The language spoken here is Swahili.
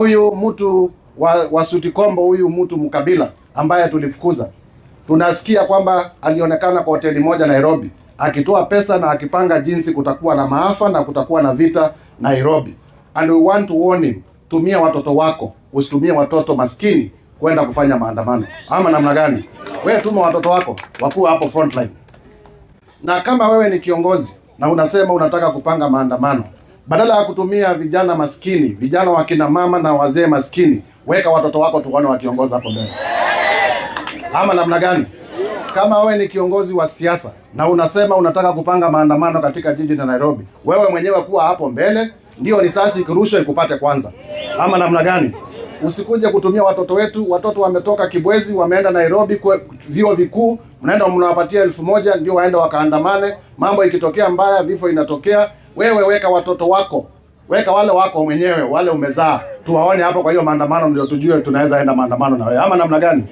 Huyu mtu wa, wa suti kombo, huyu mtu mkabila ambaye tulifukuza, tunasikia kwamba alionekana kwa hoteli moja Nairobi akitoa pesa na akipanga jinsi kutakuwa na maafa na kutakuwa na vita Nairobi. And we want to warn him, tumia watoto wako, usitumie watoto maskini kwenda kufanya maandamano ama namna gani? Wewe tuma watoto wako wakuwa hapo frontline, na kama wewe ni kiongozi na unasema unataka kupanga maandamano badala ya kutumia vijana maskini, vijana kina mama na wazee maskini, weka watoto wako tuone wakiongoza hapo mbele, ama namna gani? Kama wewe ni kiongozi wa siasa na unasema unataka kupanga maandamano katika jiji la Nairobi, wewe mwenyewe kuwa hapo mbele, ndio risasi ikirushwa ikupate kwanza, ama namna gani? Usikuje kutumia watoto wetu. Watoto wametoka Kibwezi wameenda Nairobi kwa vyuo vikuu, mnaenda mnawapatia elfu moja ndio waenda wakaandamane. Mambo ikitokea mbaya, vifo inatokea wewe weka watoto wako, weka wale wako mwenyewe, wale umezaa, tuwaone hapa. Kwa hiyo maandamano, ndio tujue tunaweza enda maandamano na wewe ama namna gani?